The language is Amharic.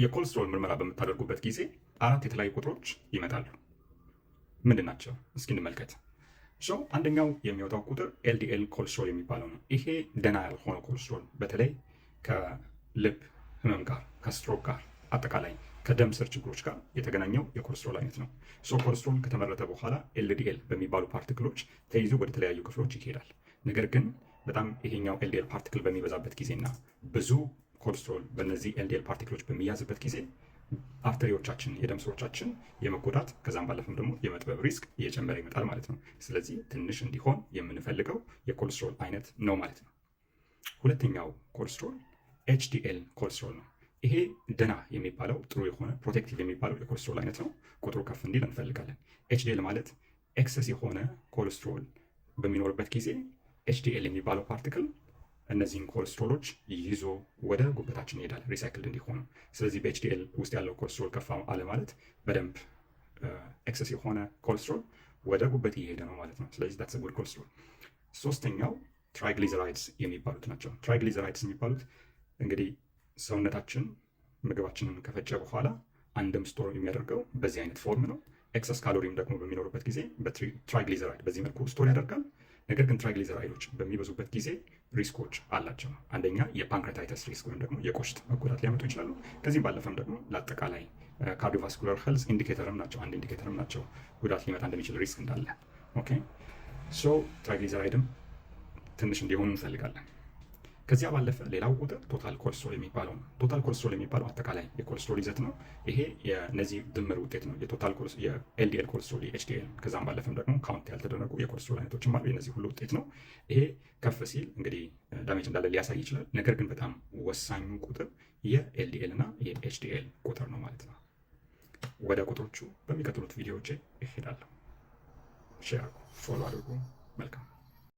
የኮልስትሮል ምርመራ በምታደርጉበት ጊዜ አራት የተለያዩ ቁጥሮች ይመጣሉ። ምንድን ናቸው? እስኪ እንመልከት። አንደኛው የሚወጣው ቁጥር ኤልዲኤል ኮልስትሮል የሚባለው ነው። ይሄ ደህና ያልሆነ ኮልስትሮል በተለይ ከልብ ህመም ጋር፣ ከስትሮክ ጋር፣ አጠቃላይ ከደም ስር ችግሮች ጋር የተገናኘው የኮልስትሮል አይነት ነው። ሶ ኮልስትሮል ከተመረተ በኋላ ኤልዲኤል በሚባሉ ፓርቲክሎች ተይዞ ወደ ተለያዩ ክፍሎች ይሄዳል። ነገር ግን በጣም ይሄኛው ኤልዲኤል ፓርቲክል በሚበዛበት ጊዜና ብዙ ኮሌስትሮል በእነዚህ ኤልዲኤል ፓርቲክሎች በሚያዝበት ጊዜ አርተሪዎቻችን የደም ስሮቻችን የመጎዳት ከዛም ባለፈም ደግሞ የመጥበብ ሪስክ እየጨመረ ይመጣል ማለት ነው። ስለዚህ ትንሽ እንዲሆን የምንፈልገው የኮሌስትሮል አይነት ነው ማለት ነው። ሁለተኛው ኮሌስትሮል ኤችዲኤል ኮሌስትሮል ነው። ይሄ ደና የሚባለው ጥሩ የሆነ ፕሮቴክቲቭ የሚባለው የኮሌስትሮል አይነት ነው። ቁጥሩ ከፍ እንዲል እንፈልጋለን። ኤችዲኤል ማለት ኤክሰስ የሆነ ኮሌስትሮል በሚኖርበት ጊዜ ኤችዲኤል የሚባለው ፓርቲክል እነዚህን ኮሌስትሮሎች ይዞ ወደ ጉበታችን ይሄዳል ሪሳይክል እንዲሆኑ። ስለዚህ በኤችዲኤል ውስጥ ያለው ኮሌስትሮል ከፍ አለ ማለት በደንብ ኤክሰስ የሆነ ኮሌስትሮል ወደ ጉበት እየሄደ ነው ማለት ነው። ስለዚህ ዳትስ ጉድ ኮሌስትሮል። ሶስተኛው ትራይግሊዘራይድስ የሚባሉት ናቸው። ትራይግሊዘራይድስ የሚባሉት እንግዲህ ሰውነታችን ምግባችንን ከፈጨ በኋላ አንድም ስቶር የሚያደርገው በዚህ አይነት ፎርም ነው። ኤክሰስ ካሎሪም ደግሞ በሚኖርበት ጊዜ በትራይግሊዘራይድ በዚህ መልኩ ስቶር ያደርጋል። ነገር ግን ትራይግሊሰራይዶች በሚበዙበት ጊዜ ሪስኮች አላቸው። አንደኛ የፓንክሬታይተስ ሪስክ ወይም ደግሞ የቆሽት መጎዳት ሊያመጡ ይችላሉ። ከዚህም ባለፈም ደግሞ ለአጠቃላይ ካርዲዮቫስኩላር ሄልዝ ኢንዲኬተርም ናቸው፣ አንድ ኢንዲኬተርም ናቸው ጉዳት ሊመጣ እንደሚችል ሪስክ እንዳለ። ኦኬ ሶ ትንሽ እንዲሆኑ እንፈልጋለን። ከዚያ ባለፈ ሌላው ቁጥር ቶታል ኮሌስትሮል የሚባለው ነው። ቶታል ኮሌስትሮል የሚባለው አጠቃላይ የኮሌስትሮል ይዘት ነው። ይሄ የነዚህ ድምር ውጤት ነው። የቶታል የኤልዲኤል ኮሌስትሮል፣ የኤችዲኤል ከዛም ባለፈም ደግሞ ካውንት ያልተደረጉ የኮሌስትሮል አይነቶችም አሉ። የነዚህ ሁሉ ውጤት ነው። ይሄ ከፍ ሲል እንግዲህ ዳሜጅ እንዳለ ሊያሳይ ይችላል። ነገር ግን በጣም ወሳኙ ቁጥር የኤልዲኤል እና የኤችዲኤል ቁጥር ነው ማለት ነው። ወደ ቁጥሮቹ በሚቀጥሉት ቪዲዮዎች ይሄዳለሁ። ሼር፣ ፎሎ አድርጉ። መልካም